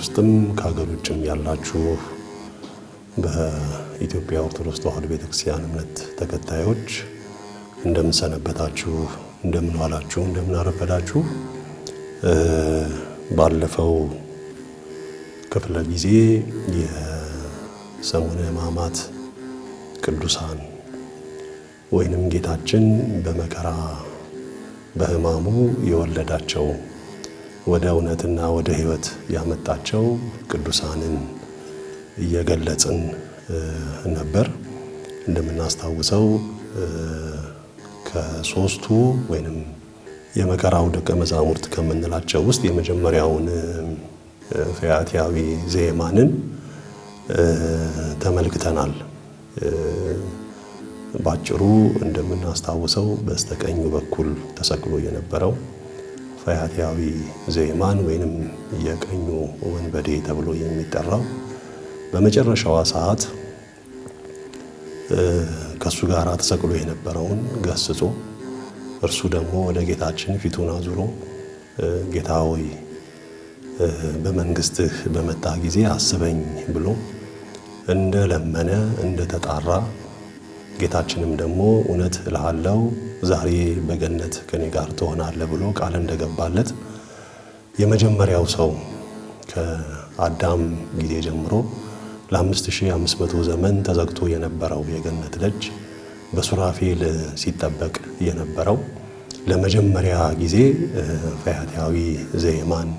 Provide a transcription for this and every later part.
ውስጥም ከሀገር ውጭም ያላችሁ በኢትዮጵያ ኦርቶዶክስ ተዋሕዶ ቤተክርስቲያን እምነት ተከታዮች እንደምንሰነበታችሁ፣ እንደምንዋላችሁ፣ እንደምናረፈዳችሁ ባለፈው ክፍለ ጊዜ የሰሙነ ሕማማት ቅዱሳን ወይንም ጌታችን በመከራ በሕማሙ የወለዳቸው ወደ እውነትና ወደ ሕይወት ያመጣቸው ቅዱሳንን እየገለጽን ነበር። እንደምናስታውሰው ከሶስቱ ወይም የመከራው ደቀ መዛሙርት ከምንላቸው ውስጥ የመጀመሪያውን ፈያታዊ ዜማንን ተመልክተናል። ባጭሩ እንደምናስታውሰው በስተቀኙ በኩል ተሰቅሎ የነበረው ፈያታዊ ዘይማን ወይንም የቀኙ ወንበዴ ተብሎ የሚጠራው በመጨረሻዋ ሰዓት ከእሱ ጋር ተሰቅሎ የነበረውን ገስጾ እርሱ ደግሞ ወደ ጌታችን ፊቱን አዙሮ ጌታ ሆይ በመጣ ጊዜ አስበኝ ብሎ እንደለመነ እንደተጣራ ጌታችንም ደግሞ እውነት እልሃለሁ ዛሬ በገነት ከኔ ጋር ትሆናለህ ብሎ ቃል እንደገባለት የመጀመሪያው ሰው ከአዳም ጊዜ ጀምሮ ለ5500 ዘመን ተዘግቶ የነበረው የገነት ደጅ በሱራፌል ሲጠበቅ የነበረው ለመጀመሪያ ጊዜ ፈያታዊ ዘየማን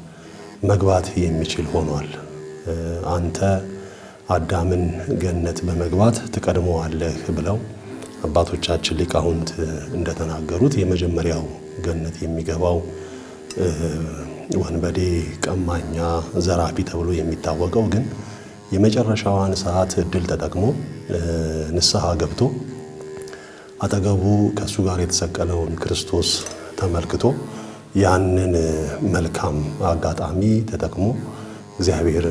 መግባት የሚችል ሆኗል። አንተ አዳምን ገነት በመግባት ትቀድመዋለህ ብለው አባቶቻችን ሊቃውንት እንደተናገሩት የመጀመሪያው ገነት የሚገባው ወንበዴ፣ ቀማኛ፣ ዘራፊ ተብሎ የሚታወቀው ግን የመጨረሻዋን ሰዓት እድል ተጠቅሞ ንስሐ ገብቶ አጠገቡ ከእሱ ጋር የተሰቀለውን ክርስቶስ ተመልክቶ ያንን መልካም አጋጣሚ ተጠቅሞ እግዚአብሔር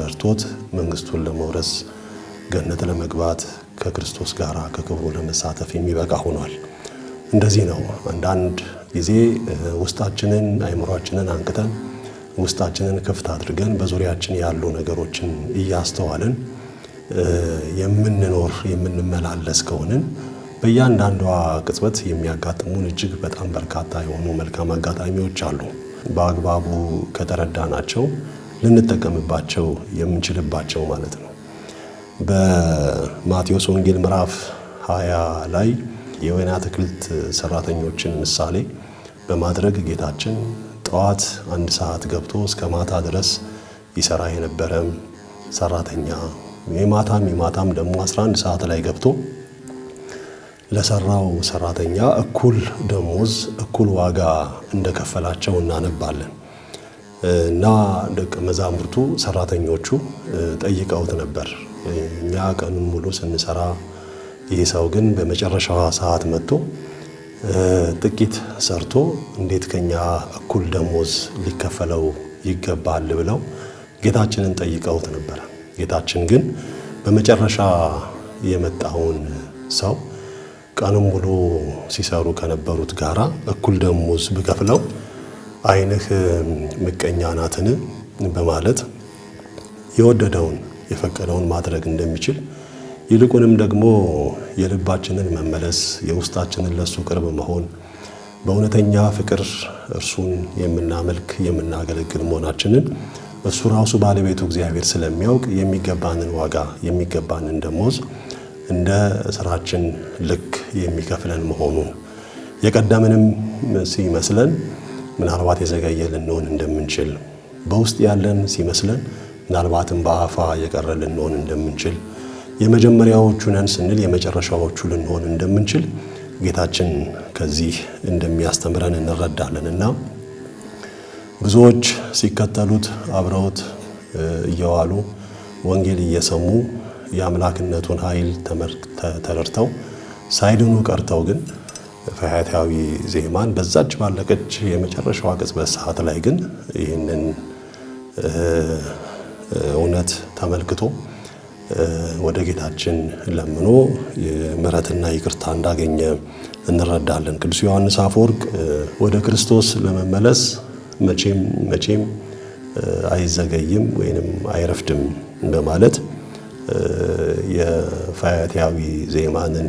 ረድቶት መንግስቱን ለመውረስ ገነት ለመግባት ከክርስቶስ ጋር ከክብሩ ለመሳተፍ የሚበቃ ሆኗል። እንደዚህ ነው። አንዳንድ ጊዜ ውስጣችንን አይምሯችንን አንቅተን ውስጣችንን ክፍት አድርገን በዙሪያችን ያሉ ነገሮችን እያስተዋልን የምንኖር የምንመላለስ ከሆንን በእያንዳንዷ ቅጽበት የሚያጋጥሙን እጅግ በጣም በርካታ የሆኑ መልካም አጋጣሚዎች አሉ። በአግባቡ ከተረዳናቸው ልንጠቀምባቸው የምንችልባቸው ማለት ነው። በማቴዎስ ወንጌል ምዕራፍ 20 ላይ የወይን አትክልት ሰራተኞችን ምሳሌ በማድረግ ጌታችን ጠዋት አንድ ሰዓት ገብቶ እስከ ማታ ድረስ ይሰራ የነበረ ሰራተኛ የማታም የማታም ደግሞ 11 ሰዓት ላይ ገብቶ ለሰራው ሰራተኛ እኩል ደሞዝ እኩል ዋጋ እንደከፈላቸው እናነባለን። እና ደቀ መዛሙርቱ ሰራተኞቹ ጠይቀውት ነበር። እኛ ቀኑን ሙሉ ስንሰራ ይህ ሰው ግን በመጨረሻ ሰዓት መጥቶ ጥቂት ሰርቶ እንዴት ከኛ እኩል ደሞዝ ሊከፈለው ይገባል ብለው ጌታችንን ጠይቀውት ነበረ። ጌታችን ግን በመጨረሻ የመጣውን ሰው ቀኑን ሙሉ ሲሰሩ ከነበሩት ጋራ እኩል ደሞዝ ብከፍለው ዓይንህ ምቀኛ ናትን በማለት የወደደውን የፈቀደውን ማድረግ እንደሚችል ይልቁንም ደግሞ የልባችንን መመለስ የውስጣችንን ለሱ ቅርብ መሆን በእውነተኛ ፍቅር እርሱን የምናመልክ የምናገለግል መሆናችንን እሱ ራሱ ባለቤቱ እግዚአብሔር ስለሚያውቅ የሚገባንን ዋጋ የሚገባንን ደሞዝ እንደ ስራችን ልክ የሚከፍለን መሆኑ የቀደምንም ሲመስለን ምናልባት የዘገየ ልንሆን እንደምንችል በውስጥ ያለን ሲመስለን ምናልባትም በአፋ የቀረ ልንሆን እንደምንችል የመጀመሪያዎቹ ነን ስንል የመጨረሻዎቹ ልንሆን እንደምንችል ጌታችን ከዚህ እንደሚያስተምረን እንረዳለን እና ብዙዎች ሲከተሉት አብረውት እየዋሉ ወንጌል እየሰሙ የአምላክነቱን ኃይል ተረድተው ሳይድኑ ቀርተው ግን ፈያታዊ ዜማን በዛች ባለቀች የመጨረሻዋ ቅጽበት ሰዓት ላይ ግን ይህንን እውነት ተመልክቶ ወደ ጌታችን ለምኖ ምሕረትና ይቅርታ እንዳገኘ እንረዳለን። ቅዱስ ዮሐንስ አፈወርቅ ወደ ክርስቶስ ለመመለስ መቼም መቼም አይዘገይም ወይንም አይረፍድም በማለት የፈያታዊ ዜማንን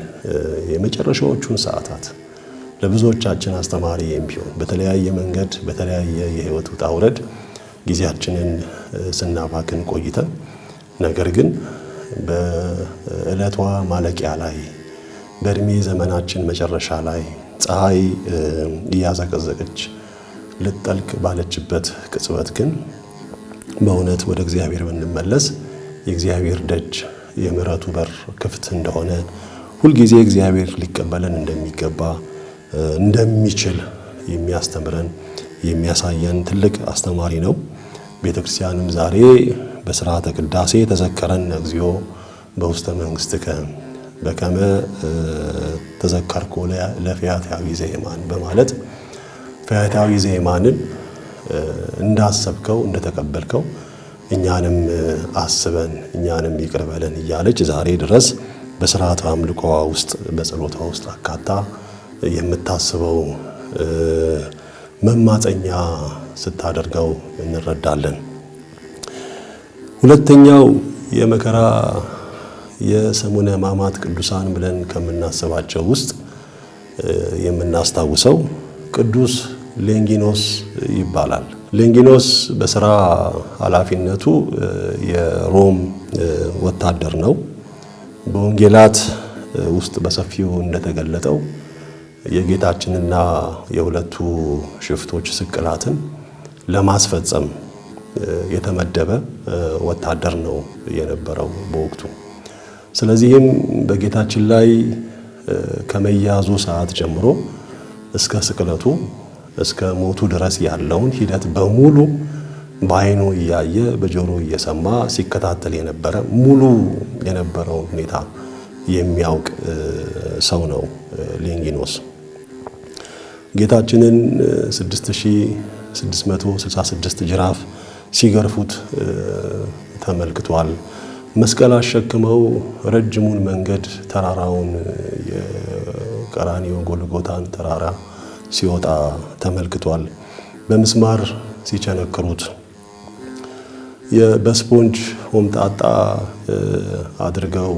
የመጨረሻዎቹን ሰዓታት ለብዙዎቻችን አስተማሪ የሚሆን በተለያየ መንገድ በተለያየ የህይወት ውጣ ውረድ ጊዜያችንን ስናባክን ቆይተን ነገር ግን በእለቷ ማለቂያ ላይ በእድሜ ዘመናችን መጨረሻ ላይ ፀሐይ እያዘቀዘቀች ልትጠልቅ ባለችበት ቅጽበት ግን በእውነት ወደ እግዚአብሔር ብንመለስ የእግዚአብሔር ደጅ የምሕረቱ በር ክፍት እንደሆነ ሁልጊዜ እግዚአብሔር ሊቀበለን እንደሚገባ እንደሚችል የሚያስተምረን የሚያሳየን ትልቅ አስተማሪ ነው። ቤተ ክርስቲያንም ዛሬ በስርዓተ ቅዳሴ ተዘከረን እግዚኦ በውስተ መንግሥትከ በከመ ተዘከርኮ ለፈያታዊ ዘየማን በማለት ፈያታዊ ዘየማንን እንዳሰብከው እንደተቀበልከው እኛንም አስበን እኛንም ይቅርበለን እያለች ዛሬ ድረስ በስርዓት አምልኮዋ ውስጥ በጸሎቷ ውስጥ አካታ የምታስበው መማፀኛ ስታደርገው እንረዳለን። ሁለተኛው የመከራ የሰሙነ ሕማማት ቅዱሳን ብለን ከምናስባቸው ውስጥ የምናስታውሰው ቅዱስ ሌንጊኖስ ይባላል። ሌንጊኖስ በስራ ኃላፊነቱ የሮም ወታደር ነው። በወንጌላት ውስጥ በሰፊው እንደተገለጠው የጌታችንና የሁለቱ ሽፍቶች ስቅላትን ለማስፈጸም የተመደበ ወታደር ነው የነበረው በወቅቱ። ስለዚህም በጌታችን ላይ ከመያዙ ሰዓት ጀምሮ እስከ ስቅለቱ እስከ ሞቱ ድረስ ያለውን ሂደት በሙሉ በአይኑ እያየ በጆሮ እየሰማ ሲከታተል የነበረ ሙሉ የነበረውን ሁኔታ የሚያውቅ ሰው ነው ሌንጊኖስ። ጌታችንን 6666 ጅራፍ ሲገርፉት ተመልክቷል። መስቀል አሸክመው ረጅሙን መንገድ ተራራውን የቀራንዮ ጎልጎታን ተራራ ሲወጣ ተመልክቷል። በምስማር ሲቸነክሩት በስፖንጅ ሆምጣጣ አድርገው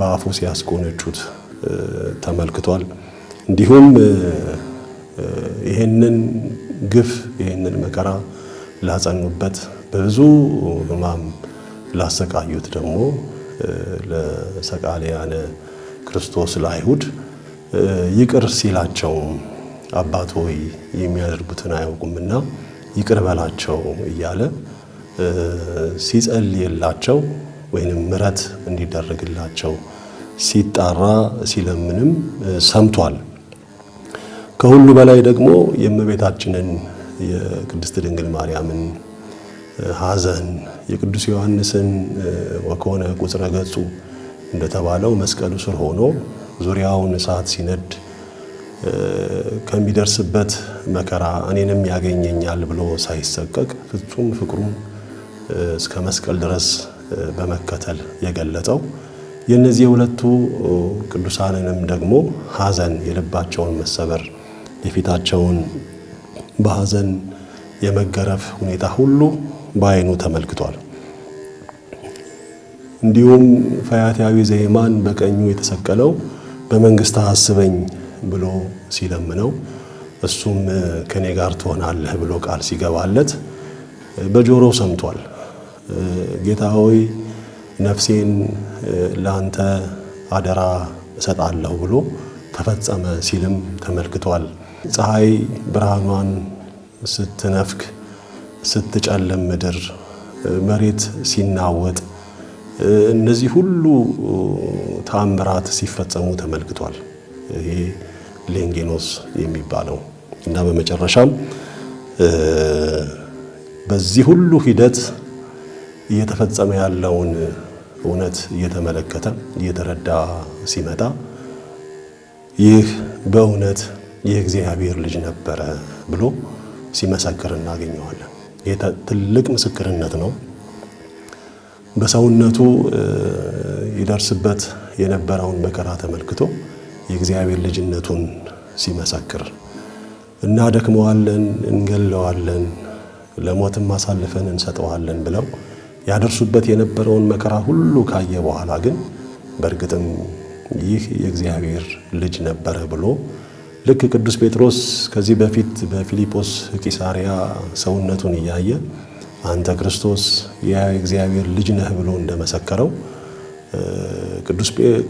በአፉ ሲያስቆነጩት ተመልክቷል። እንዲሁም ይህንን ግፍ ይህንን መከራ ላጸኑበት በብዙ ሕማም ላሰቃዩት ደግሞ ለሰቃሊያነ ክርስቶስ ለአይሁድ ይቅር ሲላቸው አባት ሆይ የሚያደርጉትን አያውቁምና ይቅር በላቸው እያለ ሲጸልይላቸው ወይንም ምረት እንዲደረግላቸው ሲጣራ ሲለምንም ሰምቷል። ከሁሉ በላይ ደግሞ የእመቤታችንን የቅድስት ድንግል ማርያምን ሐዘን የቅዱስ ዮሐንስን ወከሆነ ቁጽረ ገጹ እንደተባለው መስቀሉ ስር ሆኖ ዙሪያውን እሳት ሲነድ ከሚደርስበት መከራ እኔንም ያገኘኛል ብሎ ሳይሰቀቅ ፍጹም ፍቅሩን እስከ መስቀል ድረስ በመከተል የገለጠው የእነዚህ የሁለቱ ቅዱሳንንም ደግሞ ሐዘን የልባቸውን መሰበር የፊታቸውን በሐዘን የመገረፍ ሁኔታ ሁሉ በአይኑ ተመልክቷል። እንዲሁም ፈያታዊ ዘይማን በቀኙ የተሰቀለው በመንግስት አስበኝ ብሎ ሲለምነው እሱም ከኔ ጋር ትሆናለህ ብሎ ቃል ሲገባለት በጆሮ ሰምቷል። ጌታ ሆይ ነፍሴን ለአንተ አደራ እሰጣለሁ ብሎ ተፈጸመ ሲልም ተመልክቷል። ፀሐይ ብርሃኗን ስትነፍክ ስትጨልም ምድር መሬት ሲናወጥ እነዚህ ሁሉ ተአምራት ሲፈጸሙ ተመልክቷል። ይሄ ሌንጌኖስ የሚባለው እና በመጨረሻም በዚህ ሁሉ ሂደት እየተፈጸመ ያለውን እውነት እየተመለከተ እየተረዳ ሲመጣ ይህ በእውነት የእግዚአብሔር ልጅ ነበረ ብሎ ሲመሰክር እናገኘዋለን። ይህ ትልቅ ምስክርነት ነው። በሰውነቱ ይደርስበት የነበረውን መከራ ተመልክቶ የእግዚአብሔር ልጅነቱን ሲመሰክር እናደክመዋለን፣ እንገለዋለን፣ ለሞትም አሳልፈን እንሰጠዋለን ብለው ያደርሱበት የነበረውን መከራ ሁሉ ካየ በኋላ ግን በእርግጥም ይህ የእግዚአብሔር ልጅ ነበረ ብሎ ልክ ቅዱስ ጴጥሮስ ከዚህ በፊት በፊልጶስ ቂሳሪያ ሰውነቱን እያየ አንተ ክርስቶስ የእግዚአብሔር ልጅ ነህ ብሎ እንደመሰከረው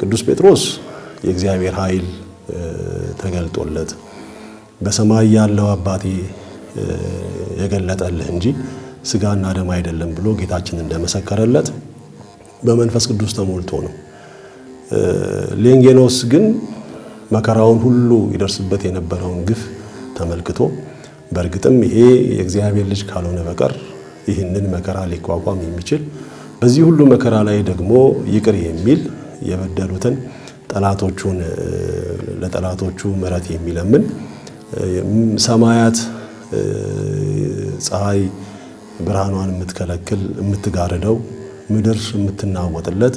ቅዱስ ጴጥሮስ የእግዚአብሔር ኃይል ተገልጦለት በሰማይ ያለው አባቴ የገለጠልህ እንጂ ስጋና ደም አይደለም ብሎ ጌታችን እንደመሰከረለት በመንፈስ ቅዱስ ተሞልቶ ነው። ሌንጌኖስ ግን መከራውን ሁሉ ይደርስበት የነበረውን ግፍ ተመልክቶ በእርግጥም ይሄ የእግዚአብሔር ልጅ ካልሆነ በቀር ይህንን መከራ ሊቋቋም የሚችል በዚህ ሁሉ መከራ ላይ ደግሞ ይቅር የሚል የበደሉትን ጠላቶቹን ለጠላቶቹ ምሕረት የሚለምን ሰማያት ፀሐይ ብርሃኗን የምትከለክል የምትጋርደው ምድር የምትናወጥለት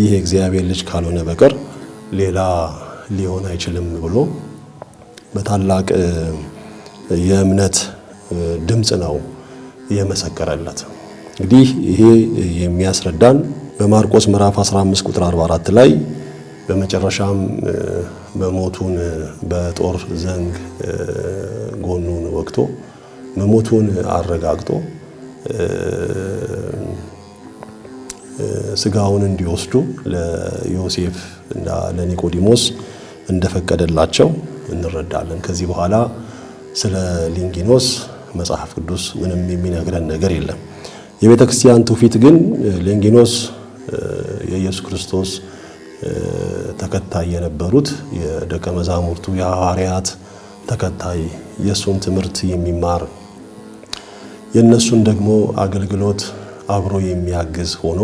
ይህ የእግዚአብሔር ልጅ ካልሆነ በቀር ሌላ ሊሆን አይችልም ብሎ በታላቅ የእምነት ድምፅ ነው የመሰከረለት። እንግዲህ ይሄ የሚያስረዳን በማርቆስ ምዕራፍ 15 ቁጥር 44 ላይ በመጨረሻም በሞቱን በጦር ዘንግ ጎኑን ወግቶ መሞቱን አረጋግጦ ስጋውን እንዲወስዱ ለዮሴፍ እና ለኒቆዲሞስ እንደፈቀደላቸው እንረዳለን። ከዚህ በኋላ ስለ ሊንጊኖስ መጽሐፍ ቅዱስ ምንም የሚነግረን ነገር የለም። የቤተ ክርስቲያን ትውፊት ግን ሊንጊኖስ የኢየሱስ ክርስቶስ ተከታይ የነበሩት የደቀ መዛሙርቱ የሐዋርያት ተከታይ የእሱን ትምህርት የሚማር የእነሱን ደግሞ አገልግሎት አብሮ የሚያግዝ ሆኖ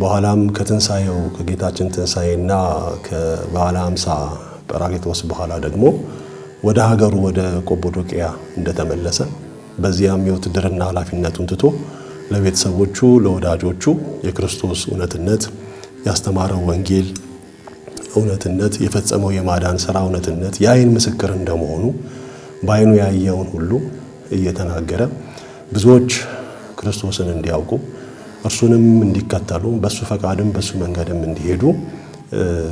በኋላም ከትንሣኤው ከጌታችን ትንሣኤና ከበዓለ ሃምሳ ጰራቅሊጦስ በኋላ ደግሞ ወደ ሀገሩ ወደ ቆጶዶቅያ እንደተመለሰ በዚያም የውትድርና ኃላፊነቱን ትቶ ለቤተሰቦቹ ለወዳጆቹ የክርስቶስ እውነትነት ያስተማረው ወንጌል እውነትነት የፈጸመው የማዳን ሥራ እውነትነት የአይን ምስክር እንደመሆኑ በአይኑ ያየውን ሁሉ እየተናገረ ብዙዎች ክርስቶስን እንዲያውቁ እርሱንም እንዲከተሉ በሱ ፈቃድም በሱ መንገድም እንዲሄዱ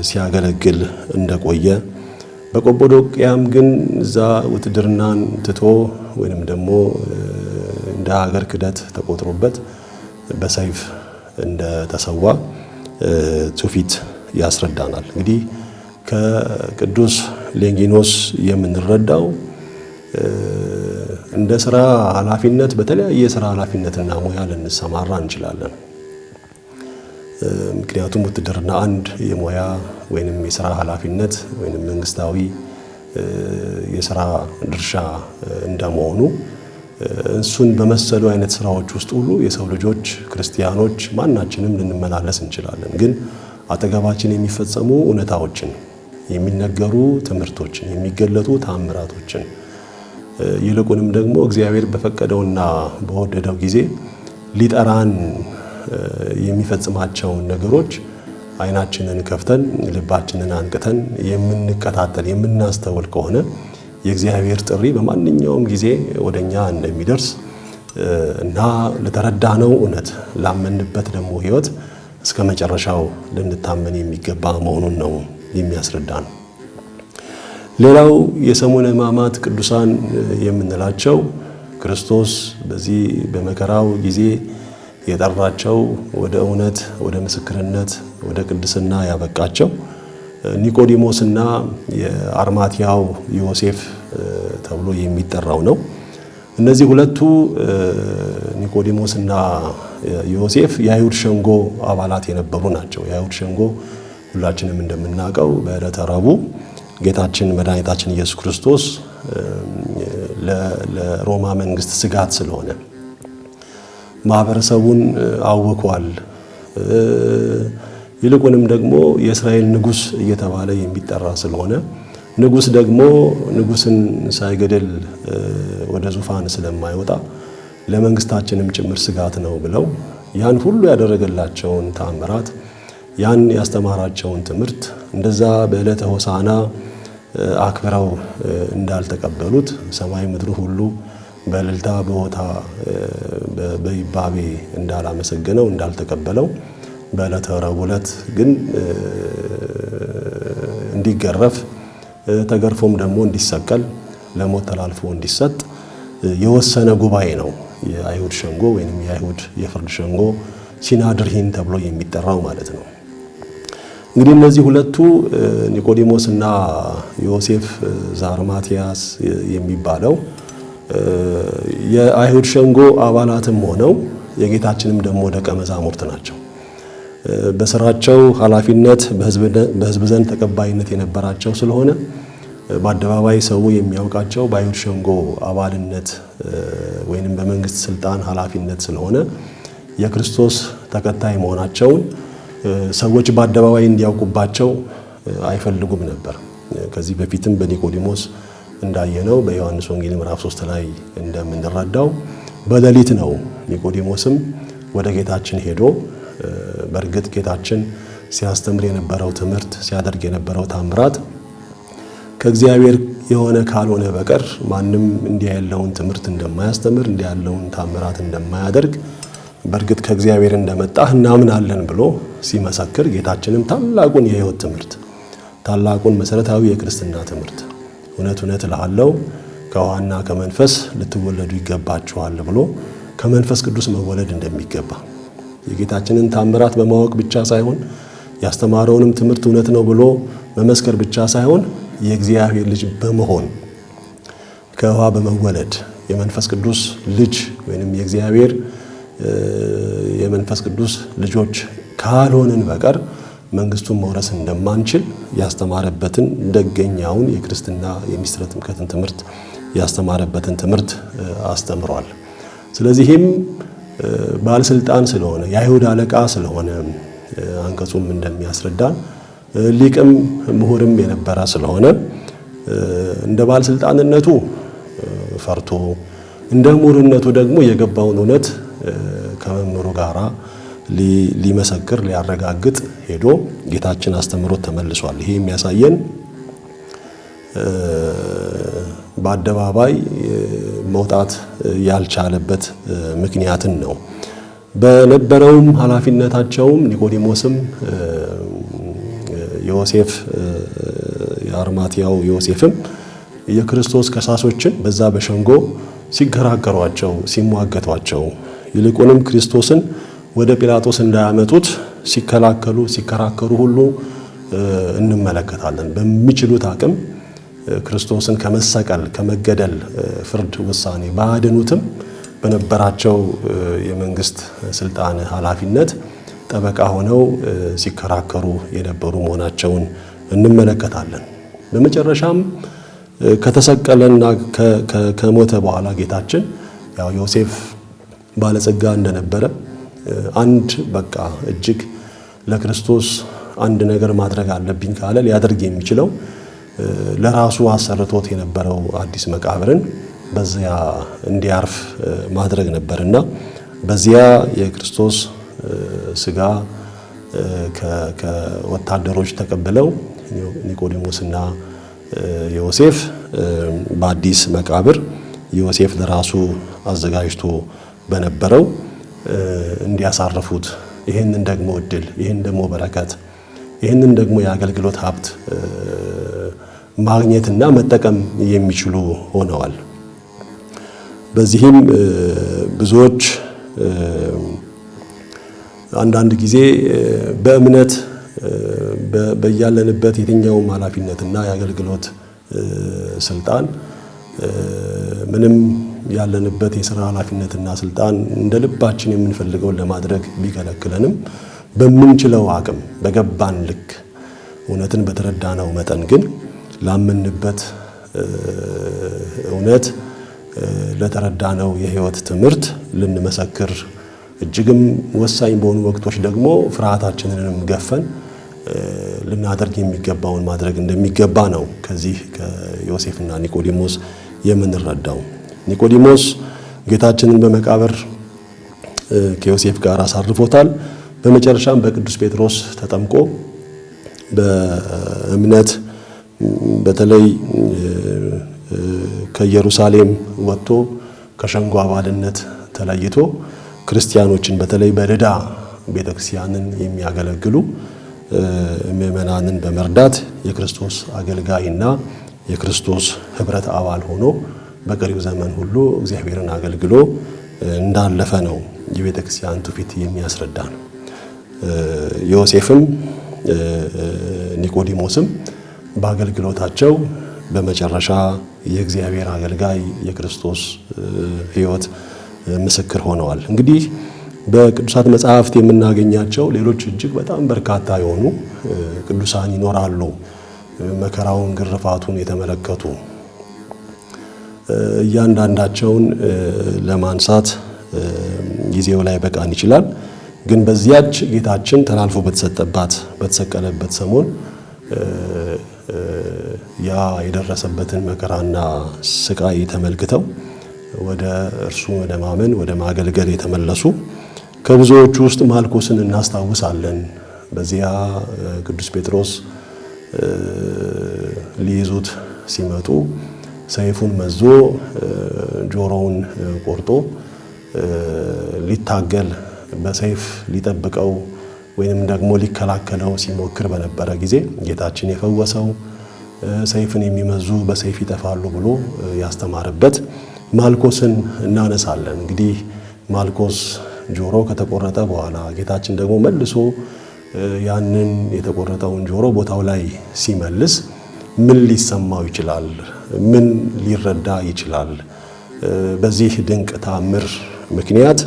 ሲያገለግል እንደቆየ በቆጶዶቅያም ግን እዛ ውትድርናን ትቶ ወይንም ደግሞ እንደ ሀገር ክደት ተቆጥሮበት በሰይፍ እንደተሰዋ ትውፊት ያስረዳናል። እንግዲህ ከቅዱስ ሌንጊኖስ የምንረዳው እንደ ስራ ኃላፊነት በተለያየ የስራ ኃላፊነትና ሙያ ልንሰማራ እንችላለን። ምክንያቱም ውትድርና አንድ የሙያ ወይንም የስራ ኃላፊነት ወይንም መንግስታዊ የስራ ድርሻ እንደመሆኑ እሱን በመሰሉ አይነት ስራዎች ውስጥ ሁሉ የሰው ልጆች ክርስቲያኖች ማናችንም ልንመላለስ እንችላለን። ግን አጠገባችን የሚፈጸሙ እውነታዎችን፣ የሚነገሩ ትምህርቶችን፣ የሚገለጡ ታምራቶችን ይልቁንም ደግሞ እግዚአብሔር በፈቀደውና በወደደው ጊዜ ሊጠራን የሚፈጽማቸውን ነገሮች አይናችንን ከፍተን ልባችንን አንቅተን የምንከታተል የምናስተውል ከሆነ የእግዚአብሔር ጥሪ በማንኛውም ጊዜ ወደኛ እንደሚደርስ እና ለተረዳነው እውነት ላመንበት ደግሞ ሕይወት እስከ መጨረሻው ልንታመን የሚገባ መሆኑን ነው የሚያስረዳ ነው። ሌላው የሰሙነ ሕማማት ቅዱሳን የምንላቸው ክርስቶስ በዚህ በመከራው ጊዜ የጠራቸው ወደ እውነት፣ ወደ ምስክርነት፣ ወደ ቅድስና ያበቃቸው ኒቆዲሞስና የአርማትያው ዮሴፍ ተብሎ የሚጠራው ነው። እነዚህ ሁለቱ ኒቆዲሞስና ዮሴፍ የአይሁድ ሸንጎ አባላት የነበሩ ናቸው። የአይሁድ ሸንጎ ሁላችንም እንደምናውቀው በዕለተ ረቡዕ ጌታችን መድኃኒታችን ኢየሱስ ክርስቶስ ለሮማ መንግስት ስጋት ስለሆነ ማህበረሰቡን አውኳል። ይልቁንም ደግሞ የእስራኤል ንጉስ እየተባለ የሚጠራ ስለሆነ ንጉስ ደግሞ ንጉስን ሳይገደል ወደ ዙፋን ስለማይወጣ ለመንግስታችንም ጭምር ስጋት ነው ብለው ያን ሁሉ ያደረገላቸውን ተአምራት ያን ያስተማራቸውን ትምህርት እንደዛ በዕለተ ሆሳና አክብረው እንዳልተቀበሉት ሰማይ ምድር ሁሉ በልልታ በሆታ በይባቤ እንዳላመሰገነው እንዳልተቀበለው በዕለተ ረቡዕ ዕለት ግን እንዲገረፍ ተገርፎም ደግሞ እንዲሰቀል ለሞት ተላልፎ እንዲሰጥ የወሰነ ጉባኤ ነው። የአይሁድ ሸንጎ ወይም የአይሁድ የፍርድ ሸንጎ ሲናድርሂን ተብሎ የሚጠራው ማለት ነው። እንግዲህ እነዚህ ሁለቱ ኒቆዲሞስ እና ዮሴፍ ዛርማቲያስ የሚባለው የአይሁድ ሸንጎ አባላትም ሆነው የጌታችንም ደግሞ ደቀ መዛሙርት ናቸው። በስራቸው ኃላፊነት በህዝብ ዘንድ ተቀባይነት የነበራቸው ስለሆነ በአደባባይ ሰው የሚያውቃቸው በአይሁድ ሸንጎ አባልነት ወይንም በመንግስት ስልጣን ኃላፊነት ስለሆነ የክርስቶስ ተከታይ መሆናቸውን ሰዎች በአደባባይ እንዲያውቁባቸው አይፈልጉም ነበር። ከዚህ በፊትም በኒቆዲሞስ እንዳየነው በዮሐንስ ወንጌል ምዕራፍ 3 ላይ እንደምንረዳው በሌሊት ነው ኒቆዲሞስም ወደ ጌታችን ሄዶ በእርግጥ ጌታችን ሲያስተምር የነበረው ትምህርት ሲያደርግ የነበረው ታምራት ከእግዚአብሔር የሆነ ካልሆነ በቀር ማንም እንዲህ ያለውን ትምህርት እንደማያስተምር እንዲያለውን ያለውን ታምራት እንደማያደርግ በእርግጥ ከእግዚአብሔር እንደመጣህ እናምናለን ብሎ ሲመሰክር ጌታችንም ታላቁን የህይወት ትምህርት ታላቁን መሰረታዊ የክርስትና ትምህርት እውነት እውነት እልሃለሁ ከውሃና ከመንፈስ ልትወለዱ ይገባችኋል ብሎ ከመንፈስ ቅዱስ መወለድ እንደሚገባ የጌታችንን ታምራት በማወቅ ብቻ ሳይሆን ያስተማረውንም ትምህርት እውነት ነው ብሎ መመስከር ብቻ ሳይሆን የእግዚአብሔር ልጅ በመሆን ከውሃ በመወለድ የመንፈስ ቅዱስ ልጅ ወይም የእግዚአብሔር የመንፈስ ቅዱስ ልጆች ካልሆንን በቀር መንግስቱን መውረስ እንደማንችል ያስተማረበትን ደገኛውን የክርስትና የምስጢረ ጥምቀትን ትምህርት ያስተማረበትን ትምህርት አስተምሯል። ስለዚህም ባለስልጣን ስለሆነ የአይሁድ አለቃ ስለሆነ አንቀጹም እንደሚያስረዳን ሊቅም ምሁርም የነበረ ስለሆነ እንደ ባለስልጣንነቱ ፈርቶ እንደ ምሁርነቱ ደግሞ የገባውን እውነት ከመምህሩ ጋር ሊመሰክር ሊያረጋግጥ ሄዶ ጌታችን አስተምሮት ተመልሷል። ይሄ የሚያሳየን በአደባባይ መውጣት ያልቻለበት ምክንያትን ነው። በነበረውም ኃላፊነታቸውም ኒቆዲሞስም ዮሴፍ የአርማትያው ዮሴፍም የክርስቶስ ከሳሶችን በዛ በሸንጎ ሲገራገሯቸው ሲሟገቷቸው ይልቁንም ክርስቶስን ወደ ጲላጦስ እንዳያመጡት ሲከላከሉ ሲከራከሩ ሁሉ እንመለከታለን። በሚችሉት አቅም ክርስቶስን ከመሰቀል ከመገደል ፍርድ ውሳኔ ባያድኑትም በነበራቸው የመንግስት ስልጣን ኃላፊነት ጠበቃ ሆነው ሲከራከሩ የነበሩ መሆናቸውን እንመለከታለን። በመጨረሻም ከተሰቀለና ከሞተ በኋላ ጌታችን ያው ዮሴፍ ባለጸጋ እንደነበረ አንድ በቃ እጅግ ለክርስቶስ አንድ ነገር ማድረግ አለብኝ ካለ ሊያደርግ የሚችለው ለራሱ አሰርቶት የነበረው አዲስ መቃብርን በዚያ እንዲያርፍ ማድረግ ነበር እና በዚያ የክርስቶስ ስጋ ከወታደሮች ተቀብለው ኒቆዲሞስና ዮሴፍ በአዲስ መቃብር ዮሴፍ ለራሱ አዘጋጅቶ በነበረው እንዲያሳርፉት ይህንን ደግሞ እድል ይህን ደግሞ በረከት ይህንን ደግሞ የአገልግሎት ሀብት ማግኘትና መጠቀም የሚችሉ ሆነዋል። በዚህም ብዙዎች አንዳንድ ጊዜ በእምነት በያለንበት የትኛውም ኃላፊነትና የአገልግሎት ስልጣን ምንም ያለንበት የስራ ኃላፊነትና ስልጣን እንደ ልባችን የምንፈልገውን ለማድረግ ቢከለክለንም በምንችለው አቅም በገባን ልክ እውነትን በተረዳነው መጠን ግን ላመንበት እውነት ለተረዳነው የህይወት ትምህርት ልንመሰክር እጅግም ወሳኝ በሆኑ ወቅቶች ደግሞ ፍርሃታችንንም ገፈን ልናደርግ የሚገባውን ማድረግ እንደሚገባ ነው ከዚህ ከዮሴፍና ኒቆዲሞስ የምንረዳው። ኒቆዲሞስ ጌታችንን በመቃብር ከዮሴፍ ጋር አሳርፎታል። በመጨረሻም በቅዱስ ጴጥሮስ ተጠምቆ በእምነት በተለይ ከኢየሩሳሌም ወጥቶ ከሸንጎ አባልነት ተለይቶ ክርስቲያኖችን በተለይ በልዳ ቤተክርስቲያንን የሚያገለግሉ ምእመናንን በመርዳት የክርስቶስ አገልጋይና የክርስቶስ ህብረት አባል ሆኖ በቀሪው ዘመን ሁሉ እግዚአብሔርን አገልግሎ እንዳለፈ ነው የቤተ ክርስቲያን ትውፊት የሚያስረዳ ነው። ዮሴፍም ኒቆዲሞስም በአገልግሎታቸው በመጨረሻ የእግዚአብሔር አገልጋይ የክርስቶስ ሕይወት ምስክር ሆነዋል። እንግዲህ በቅዱሳት መጽሐፍት የምናገኛቸው ሌሎች እጅግ በጣም በርካታ የሆኑ ቅዱሳን ይኖራሉ። መከራውን ግርፋቱን የተመለከቱ እያንዳንዳቸውን ለማንሳት ጊዜው ላይ በቃን ይችላል። ግን በዚያች ጌታችን ተላልፎ በተሰጠባት በተሰቀለበት ሰሞን ያ የደረሰበትን መከራና ስቃይ ተመልክተው ወደ እርሱ ወደ ማመን ወደ ማገልገል የተመለሱ ከብዙዎቹ ውስጥ ማልኮስን እናስታውሳለን። በዚያ ቅዱስ ጴጥሮስ ሊይዙት ሲመጡ ሰይፉን መዞ ጆሮውን ቆርጦ ሊታገል በሰይፍ ሊጠብቀው ወይንም ደግሞ ሊከላከለው ሲሞክር በነበረ ጊዜ ጌታችን የፈወሰው ሰይፍን የሚመዙ በሰይፍ ይጠፋሉ ብሎ ያስተማረበት ማልኮስን እናነሳለን። እንግዲህ ማልኮስ ጆሮ ከተቆረጠ በኋላ ጌታችን ደግሞ መልሶ ያንን የተቆረጠውን ጆሮ ቦታው ላይ ሲመልስ ምን ሊሰማው ይችላል? ምን ሊረዳ ይችላል? በዚህ ድንቅ ታምር ምክንያት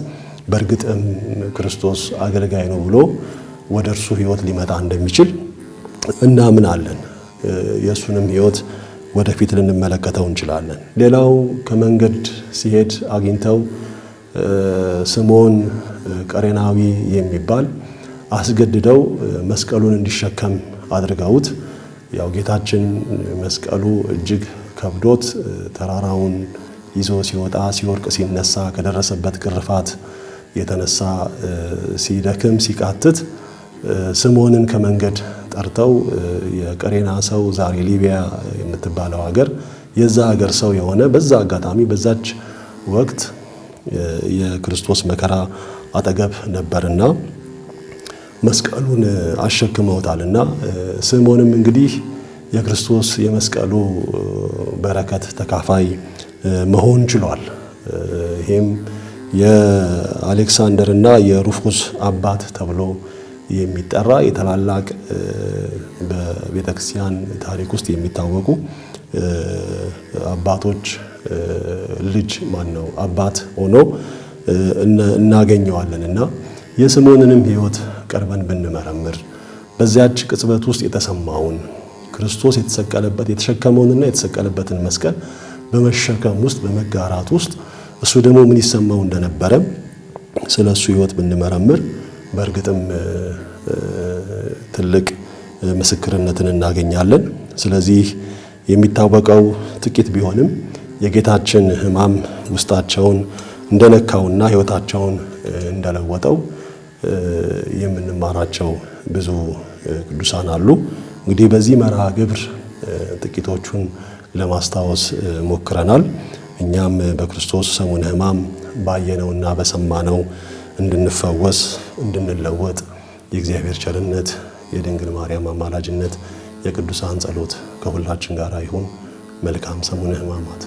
በእርግጥም ክርስቶስ አገልጋይ ነው ብሎ ወደ እርሱ ህይወት ሊመጣ እንደሚችል እናምናለን። የእሱንም ህይወት ወደፊት ልንመለከተው እንችላለን። ሌላው ከመንገድ ሲሄድ አግኝተው ስምዖን ቀሬናዊ የሚባል አስገድደው መስቀሉን እንዲሸከም አድርገውት ያው ጌታችን መስቀሉ እጅግ ከብዶት ተራራውን ይዞ ሲወጣ ሲወርቅ ሲነሳ ከደረሰበት ግርፋት የተነሳ ሲደክም ሲቃትት ስምዖንን ከመንገድ ጠርተው የቀሬና ሰው ዛሬ ሊቢያ የምትባለው ሀገር የዛ ሀገር ሰው የሆነ በዛ አጋጣሚ በዛች ወቅት የክርስቶስ መከራ አጠገብ ነበርና መስቀሉን አሸክመውታልና ስምዖንም እንግዲህ የክርስቶስ የመስቀሉ በረከት ተካፋይ መሆን ችሏል። ይህም የአሌክሳንደር ና የሩፎስ አባት ተብሎ የሚጠራ የታላላቅ በቤተ ክርስቲያን ታሪክ ውስጥ የሚታወቁ አባቶች ልጅ ማን ነው አባት ሆኖ እናገኘዋለን እና የስምዖንንም ሕይወት ቀርበን ብንመረምር በዚያች ቅጽበት ውስጥ የተሰማውን ክርስቶስ የተሰቀለበት የተሸከመውንና የተሰቀለበትን መስቀል በመሸከም ውስጥ በመጋራት ውስጥ እሱ ደግሞ ምን ይሰማው እንደነበረ ስለ እሱ ህይወት ብንመረምር በእርግጥም ትልቅ ምስክርነትን እናገኛለን። ስለዚህ የሚታወቀው ጥቂት ቢሆንም የጌታችን ህማም ውስጣቸውን እንደነካውና ህይወታቸውን እንደለወጠው የምንማራቸው ብዙ ቅዱሳን አሉ። እንግዲህ በዚህ መርሃ ግብር ጥቂቶቹን ለማስታወስ ሞክረናል። እኛም በክርስቶስ ሰሙነ ሕማም ባየነውና በሰማነው እንድንፈወስ እንድንለወጥ የእግዚአብሔር ቸርነት፣ የድንግል ማርያም አማላጅነት፣ የቅዱሳን ጸሎት ከሁላችን ጋር ይሁን። መልካም ሰሙነ ሕማማት